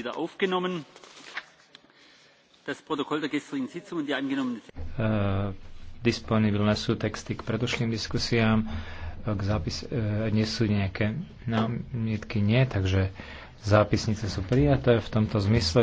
wieder aufgenommen. Das Protokoll der gestrigen Sitzung und die angenommene... Uh, disponibilné sú texty k predošlým diskusiám. K zápis, uh, äh, nie sú nejaké námietky, nie, takže zápisnice sú prijaté v tomto zmysle.